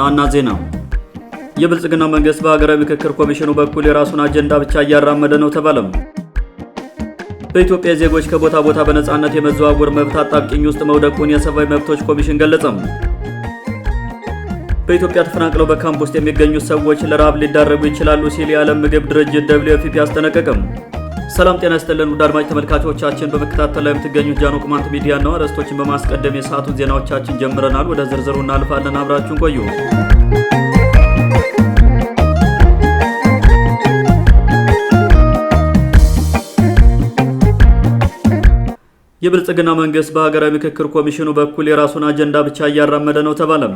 ዋና ዋና ዜና የብልጽግና መንግስት በሀገራዊ ምክክር ኮሚሽኑ በኩል የራሱን አጀንዳ ብቻ እያራመደ ነው ተባለም። በኢትዮጵያ ዜጎች ከቦታ ቦታ በነፃነት የመዘዋወር መብት አጣብቂኝ ውስጥ መውደቁን የሰብአዊ መብቶች ኮሚሽን ገለጸም። በኢትዮጵያ ተፈናቅለው በካምፕ ውስጥ የሚገኙት ሰዎች ለረሃብ ሊዳረጉ ይችላሉ ሲል የዓለም ምግብ ድርጅት ደብሊው ፒ አስጠነቀቀም። ሰላም ጤና ይስጥልን ውድ አድማጭ ተመልካቾቻችን፣ በመከታተል ላይ የምትገኙ ጃኖ ቁማንት ሚዲያ ነው። ርዕሶችን በማስቀደም የሰዓቱን ዜናዎቻችን ጀምረናል። ወደ ዝርዝሩ እናልፋለን። አብራችሁን ቆዩ። የብልጽግና መንግስት በሀገራዊ ምክክር ኮሚሽኑ በኩል የራሱን አጀንዳ ብቻ እያራመደ ነው ተባለም።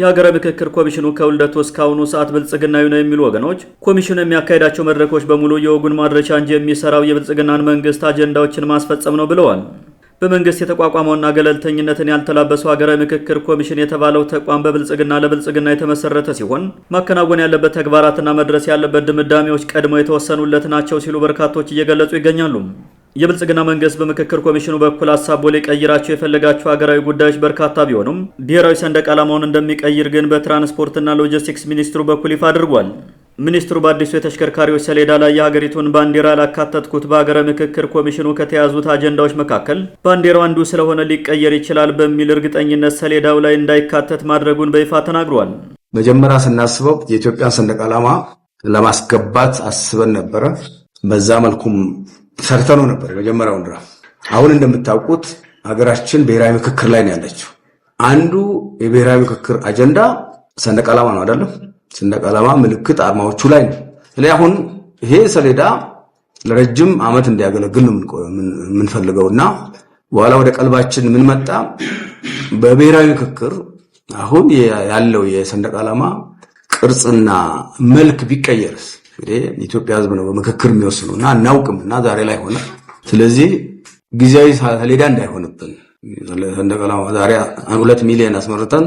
የሀገረ ምክክር ኮሚሽኑ ከውልደቱ እስካሁኑ ሰዓት ብልጽግናዊ ነው የሚሉ ወገኖች ኮሚሽኑ የሚያካሄዳቸው መድረኮች በሙሉ የወጉን ማድረሻ እንጂ የሚሰራው የብልጽግናን መንግስት አጀንዳዎችን ማስፈጸም ነው ብለዋል። በመንግስት የተቋቋመውና ገለልተኝነትን ያልተላበሰው ሀገረ ምክክር ኮሚሽን የተባለው ተቋም በብልጽግና ለብልጽግና የተመሰረተ ሲሆን ማከናወን ያለበት ተግባራትና መድረስ ያለበት ድምዳሜዎች ቀድሞ የተወሰኑለት ናቸው ሲሉ በርካቶች እየገለጹ ይገኛሉ። የብልጽግና መንግስት በምክክር ኮሚሽኑ በኩል ሀሳቦ ሊቀይራቸው የፈለጋቸው ሀገራዊ ጉዳዮች በርካታ ቢሆኑም ብሔራዊ ሰንደቅ ዓላማውን እንደሚቀይር ግን በትራንስፖርትና ሎጂስቲክስ ሚኒስትሩ በኩል ይፋ አድርጓል። ሚኒስትሩ በአዲሱ የተሽከርካሪዎች ሰሌዳ ላይ የሀገሪቱን ባንዲራ ላካተትኩት በሀገረ ምክክር ኮሚሽኑ ከተያዙት አጀንዳዎች መካከል ባንዲራው አንዱ ስለሆነ ሊቀየር ይችላል በሚል እርግጠኝነት ሰሌዳው ላይ እንዳይካተት ማድረጉን በይፋ ተናግሯል። መጀመሪያ ስናስበው የኢትዮጵያን ሰንደቅ ዓላማ ለማስገባት አስበን ነበረ። በዛ መልኩም ሰርተነው ነበር የመጀመሪያውን ድራፍ። አሁን እንደምታውቁት ሀገራችን ብሔራዊ ምክክር ላይ ነው ያለችው። አንዱ የብሔራዊ ምክክር አጀንዳ ሰንደቅ ዓላማ ነው አይደለም? ሰንደቅ ዓላማ ምልክት አርማዎቹ ላይ ነው። ስለዚህ አሁን ይሄ ሰሌዳ ለረጅም ዓመት እንዲያገለግል ነው እና በኋላ ወደ ቀልባችን ምን መጣ? በብሔራዊ ምክክር አሁን ያለው የሰንደቅ ዓላማ ቅርጽና መልክ ቢቀየርስ እንግዲህ ኢትዮጵያ ህዝብ ነው በምክክር የሚወስነው እና አናውቅም እና ዛሬ ላይ ሆነ። ስለዚህ ጊዜያዊ ሰሌዳ እንዳይሆንብን ሰንደቅ ዛሬ ሁለት ሚሊዮን አስመርተን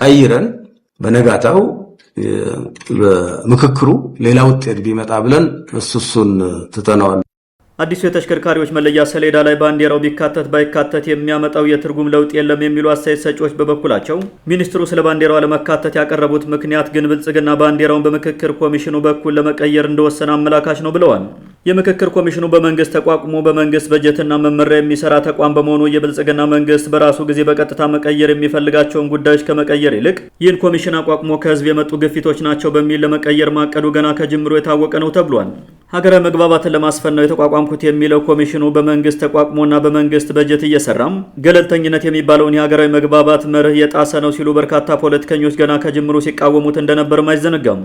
ቀይረን በነጋታው ምክክሩ ሌላ ውጤት ቢመጣ ብለን እሱሱን እሱን ትተነዋል። አዲሱ የተሽከርካሪዎች መለያ ሰሌዳ ላይ ባንዲራው ቢካተት ባይካተት የሚያመጣው የትርጉም ለውጥ የለም የሚሉ አስተያየት ሰጪዎች በበኩላቸው ሚኒስትሩ ስለ ባንዲራው አለመካተት ያቀረቡት ምክንያት ግን ብልጽግና ባንዲራውን በምክክር ኮሚሽኑ በኩል ለመቀየር እንደወሰነ አመላካች ነው ብለዋል። የምክክር ኮሚሽኑ በመንግስት ተቋቁሞ በመንግስት በጀትና መመሪያ የሚሰራ ተቋም በመሆኑ የብልጽግና መንግስት በራሱ ጊዜ በቀጥታ መቀየር የሚፈልጋቸውን ጉዳዮች ከመቀየር ይልቅ ይህን ኮሚሽን አቋቁሞ ከህዝብ የመጡ ግፊቶች ናቸው በሚል ለመቀየር ማቀዱ ገና ከጅምሮ የታወቀ ነው ተብሏል። ሀገራዊ መግባባትን ለማስፈን ነው የተቋቋምኩት የሚለው ኮሚሽኑ በመንግስት ተቋቁሞና በመንግስት በጀት እየሰራም ገለልተኝነት የሚባለውን የሀገራዊ መግባባት መርህ የጣሰ ነው ሲሉ በርካታ ፖለቲከኞች ገና ከጅምሮ ሲቃወሙት እንደነበርም አይዘነጋም።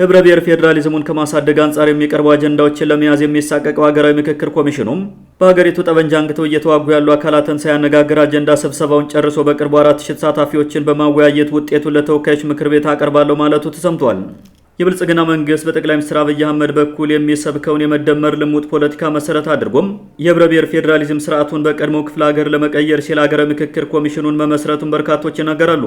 ህብረ ብሔር ፌዴራሊዝሙን ከማሳደግ አንጻር የሚቀርቡ አጀንዳዎችን ለመያዝ ከመያዝ የሚሳቀቀው ሀገራዊ ምክክር ኮሚሽኑም በሀገሪቱ ጠመንጃ አንግተው እየተዋጉ ያሉ አካላትን ሳያነጋግር አጀንዳ ስብሰባውን ጨርሶ በቅርቡ አራት ሺ ተሳታፊዎችን በማወያየት ውጤቱን ለተወካዮች ምክር ቤት አቀርባለሁ ማለቱ ተሰምቷል። የብልጽግና መንግስት በጠቅላይ ሚኒስትር አብይ አህመድ በኩል የሚሰብከውን የመደመር ልሙጥ ፖለቲካ መሰረት አድርጎም የህብረ ብሔር ፌዴራሊዝም ስርዓቱን በቀድሞው ክፍለ ሀገር ለመቀየር ሲል ሀገራዊ ምክክር ኮሚሽኑን መመስረቱን በርካቶች ይናገራሉ።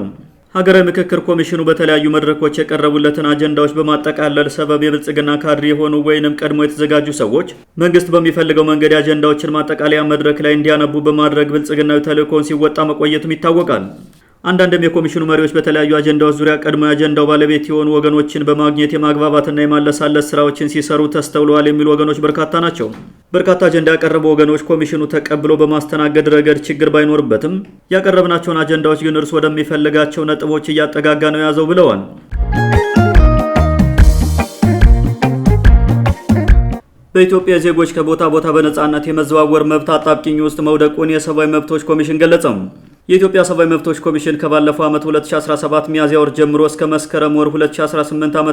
ሀገራዊ ምክክር ኮሚሽኑ በተለያዩ መድረኮች የቀረቡለትን አጀንዳዎች በማጠቃለል ሰበብ የብልጽግና ካድሬ የሆኑ ወይንም ቀድሞ የተዘጋጁ ሰዎች መንግስት በሚፈልገው መንገድ የአጀንዳዎችን ማጠቃለያ መድረክ ላይ እንዲያነቡ በማድረግ ብልጽግናዊ ተልእኮውን ሲወጣ መቆየቱም ይታወቃል። አንዳንድም የኮሚሽኑ መሪዎች በተለያዩ አጀንዳዎች ዙሪያ ቀድሞ የአጀንዳው ባለቤት የሆኑ ወገኖችን በማግኘት የማግባባትና የማለሳለስ ስራዎችን ሲሰሩ ተስተውለዋል የሚሉ ወገኖች በርካታ ናቸው። በርካታ አጀንዳ ያቀረቡ ወገኖች ኮሚሽኑ ተቀብሎ በማስተናገድ ረገድ ችግር ባይኖርበትም ያቀረብናቸውን አጀንዳዎች ግን እርስ ወደሚፈልጋቸው ነጥቦች እያጠጋጋ ነው የያዘው ብለዋል። በኢትዮጵያ ዜጎች ከቦታ ቦታ በነፃነት የመዘዋወር መብት አጣብቂኝ ውስጥ መውደቁን የሰብአዊ መብቶች ኮሚሽን ገለጸም። የኢትዮጵያ ሰብአዊ መብቶች ኮሚሽን ከባለፈው ዓመት 2017 ሚያዝያ ወር ጀምሮ እስከ መስከረም ወር 2018 ዓ.ም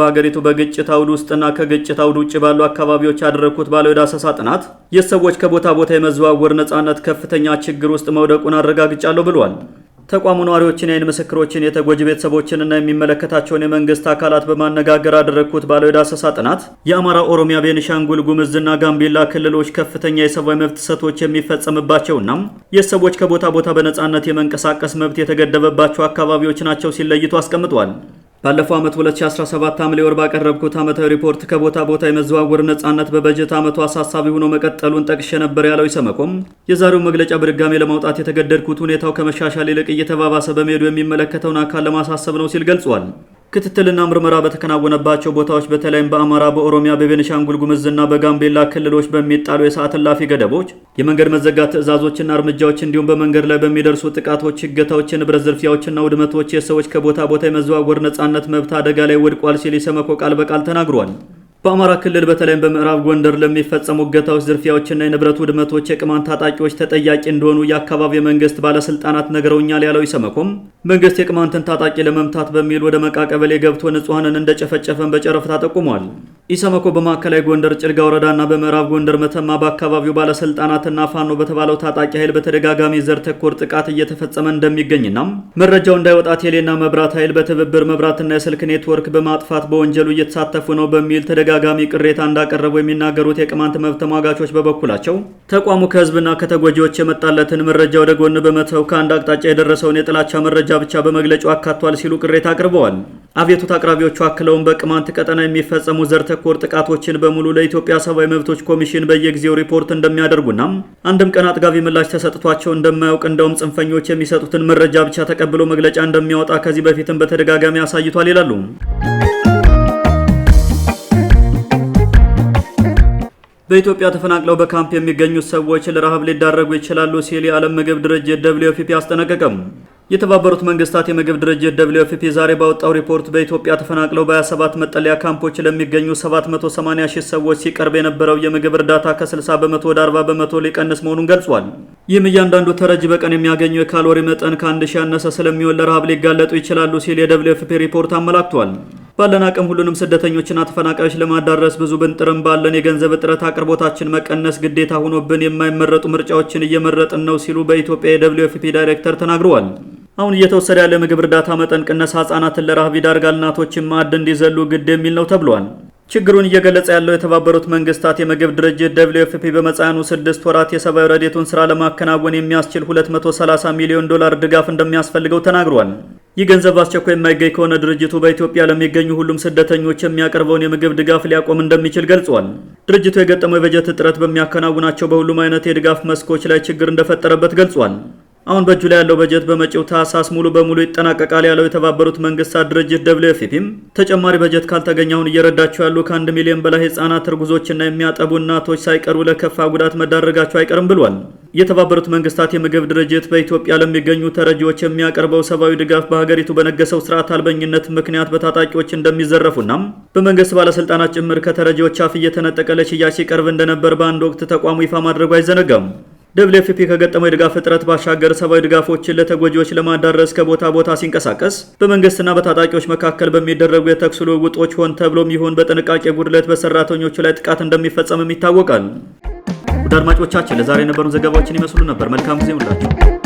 በሀገሪቱ በግጭት አውድ ውስጥና ከግጭት አውድ ውጭ ባሉ አካባቢዎች ያደረግኩት ባለው የዳሰሳ ጥናት የሰዎች ከቦታ ቦታ የመዘዋወር ነጻነት ከፍተኛ ችግር ውስጥ መውደቁን አረጋግጫለሁ ብሏል። ተቋሙ ነዋሪዎችን፣ የአይን ምስክሮችን፣ የተጎጂ ቤተሰቦችንና የሚመለከታቸውን የመንግስት አካላት በማነጋገር አደረግኩት ባለው የዳሰሳ ጥናት የአማራ፣ ኦሮሚያ፣ ቤኒሻንጉል ጉምዝና ጋምቤላ ክልሎች ከፍተኛ የሰብአዊ መብት ጥሰቶች የሚፈጸምባቸውና የሰዎች ከቦታ ቦታ በነጻነት የመንቀሳቀስ መብት የተገደበባቸው አካባቢዎች ናቸው ሲለይቱ አስቀምጧል። ባለፈው ዓመት 2017 ሐምሌ ወር ባቀረብኩት ዓመታዊ ሪፖርት ከቦታ ቦታ የመዘዋወር ነጻነት በበጀት ዓመቱ አሳሳቢ ሆኖ መቀጠሉን ጠቅሼ ነበር ያለው ኢሰመኮም የዛሬውን መግለጫ በድጋሜ ለማውጣት የተገደድኩት ሁኔታው ከመሻሻል ይልቅ እየተባባሰ በመሄዱ የሚመለከተውን አካል ለማሳሰብ ነው ሲል ገልጿል። ክትትልና ምርመራ በተከናወነባቸው ቦታዎች በተለይም በአማራ፣ በኦሮሚያ፣ በቤኒሻንጉል ጉምዝና በጋምቤላ ክልሎች በሚጣሉ የሰዓት እላፊ ገደቦች፣ የመንገድ መዘጋት ትዕዛዞችና እርምጃዎች እንዲሁም በመንገድ ላይ በሚደርሱ ጥቃቶች፣ እገታዎች፣ የንብረት ዝርፊያዎችና ውድመቶች የሰዎች ከቦታ ቦታ የመዘዋወር ነጻነት መብት አደጋ ላይ ወድቋል ሲል ኢሰመኮ ቃል በቃል ተናግሯል። በአማራ ክልል በተለይም በምዕራብ ጎንደር ለሚፈጸሙ እገታዎች፣ ዝርፊያዎችና የንብረት ውድመቶች የቅማንት ታጣቂዎች ተጠያቂ እንደሆኑ የአካባቢው የመንግስት ባለስልጣናት ነግረውኛል ያለው ኢሰመኮም መንግስት የቅማንትን ታጣቂ ለመምታት በሚል ወደ መቃ ቀበሌ ገብቶ ንጹሐንን እንደጨፈጨፈን በጨረፍታ ጠቁሟል። ኢሰመኮ በማዕከላዊ ጎንደር ጭልጋ ወረዳና በምዕራብ ጎንደር መተማ በአካባቢው ባለስልጣናትና ፋኖ በተባለው ታጣቂ ኃይል በተደጋጋሚ ዘር ተኮር ጥቃት እየተፈጸመ እንደሚገኝና መረጃው እንዳይወጣ ቴሌና መብራት ኃይል በትብብር መብራትና የስልክ ኔትወርክ በማጥፋት በወንጀሉ እየተሳተፉ ነው በሚል ተደጋጋሚ ቅሬታ እንዳቀረቡ የሚናገሩት የቅማንት መብት ተሟጋቾች በበኩላቸው ተቋሙ ከህዝብና ከተጎጂዎች የመጣለትን መረጃ ወደ ጎን በመተው ከአንድ አቅጣጫ የደረሰውን የጥላቻ መረጃ ብቻ በመግለጫው አካቷል ሲሉ ቅሬታ አቅርበዋል። አቤቱት አቅራቢዎቹ አክለውን በቅማንት ቀጠና የሚፈጸሙ ዘር ተኮር ጥቃቶችን በሙሉ ለኢትዮጵያ ሰብአዊ መብቶች ኮሚሽን በየጊዜው ሪፖርት እንደሚያደርጉና አንድም ቀን አጥጋቢ ምላሽ ተሰጥቷቸው እንደማያውቅ እንደውም ጽንፈኞች የሚሰጡትን መረጃ ብቻ ተቀብሎ መግለጫ እንደሚያወጣ ከዚህ በፊትም በተደጋጋሚ አሳይቷል ይላሉ። በኢትዮጵያ ተፈናቅለው በካምፕ የሚገኙት ሰዎች ለረሃብ ሊዳረጉ ይችላሉ ሲል የዓለም ምግብ ድርጅት ደብሊው አስጠነቀቀም። የተባበሩት መንግስታት የምግብ ድርጅት ደብሊው ኤፍ ፒ ዛሬ ባወጣው ሪፖርት በኢትዮጵያ ተፈናቅለው በ27 መጠለያ ካምፖች ለሚገኙ 780 ሺህ ሰዎች ሲቀርብ የነበረው የምግብ እርዳታ ከ60 በመቶ ወደ 40 በመቶ ሊቀንስ መሆኑን ገልጿል። ይህም እያንዳንዱ ተረጅ በቀን የሚያገኘው የካሎሪ መጠን ከአንድ ሺህ ያነሰ ስለሚሆን ለረሃብ ሊጋለጡ ይችላሉ ሲል የደብሊው ኤፍ ፒ ሪፖርት አመላክቷል። ባለን አቅም ሁሉንም ስደተኞችና ተፈናቃዮች ለማዳረስ ብዙ ብንጥርም ባለን የገንዘብ እጥረት አቅርቦታችን መቀነስ ግዴታ ሆኖብን የማይመረጡ ምርጫዎችን እየመረጥን ነው ሲሉ በኢትዮጵያ የደብሊው ኤፍ ፒ ዳይሬክተር ተናግረዋል። አሁን እየተወሰደ ያለ ምግብ እርዳታ መጠን ቅነሳ ህጻናትን ለረሃብ ይዳርጋል፣ እናቶችን ማዕድ እንዲዘሉ ግድ የሚል ነው ተብሏል። ችግሩን እየገለጸ ያለው የተባበሩት መንግስታት የምግብ ድርጅት ደብሊው ኤፍፒ በመጻያኑ ስድስት ወራት የሰብአዊ ረዴቱን ስራ ለማከናወን የሚያስችል 230 ሚሊዮን ዶላር ድጋፍ እንደሚያስፈልገው ተናግሯል። ይህ ገንዘብ አስቸኮ የማይገኝ ከሆነ ድርጅቱ በኢትዮጵያ ለሚገኙ ሁሉም ስደተኞች የሚያቀርበውን የምግብ ድጋፍ ሊያቆም እንደሚችል ገልጿል። ድርጅቱ የገጠመው የበጀት እጥረት በሚያከናውናቸው በሁሉም አይነት የድጋፍ መስኮች ላይ ችግር እንደፈጠረበት ገልጿል። አሁን በእጁ ላይ ያለው በጀት በመጪው ታህሳስ ሙሉ በሙሉ ይጠናቀቃል ያለው የተባበሩት መንግስታት ድርጅት ደብሊው ኤፍ ፒም ተጨማሪ በጀት ካልተገኘ አሁን እየረዳቸው ያሉ ከአንድ ሚሊዮን በላይ ህጻናት እርጉዞችና የሚያጠቡ እናቶች ሳይቀሩ ለከፋ ጉዳት መዳረጋቸው አይቀርም ብሏል። የተባበሩት መንግስታት የምግብ ድርጅት በኢትዮጵያ ለሚገኙ ተረጂዎች የሚያቀርበው ሰብአዊ ድጋፍ በሀገሪቱ በነገሰው ስርዓት አልበኝነት ምክንያት በታጣቂዎች እንደሚዘረፉና በመንግስት ባለስልጣናት ጭምር ከተረጂዎች አፍ እየተነጠቀ ለሽያጭ ሲቀርብ እንደነበር በአንድ ወቅት ተቋሙ ይፋ ማድረጉ አይዘነጋም። ደብሊው ከገጠመው የድጋፍ እጥረት ባሻገር ሰብአዊ ድጋፎችን ለተጎጂዎች ለማዳረስ ከቦታ ቦታ ሲንቀሳቀስ በመንግስትና በታጣቂዎች መካከል በሚደረጉ የተኩስ ልውውጦች ሆን ተብሎም ይሁን በጥንቃቄ ጉድለት በሰራተኞቹ ላይ ጥቃት እንደሚፈጸምም ይታወቃል። ውድ አድማጮቻችን ለዛሬ የነበሩን ዘገባዎችን ይመስሉ ነበር። መልካም ጊዜ ሁላችሁ።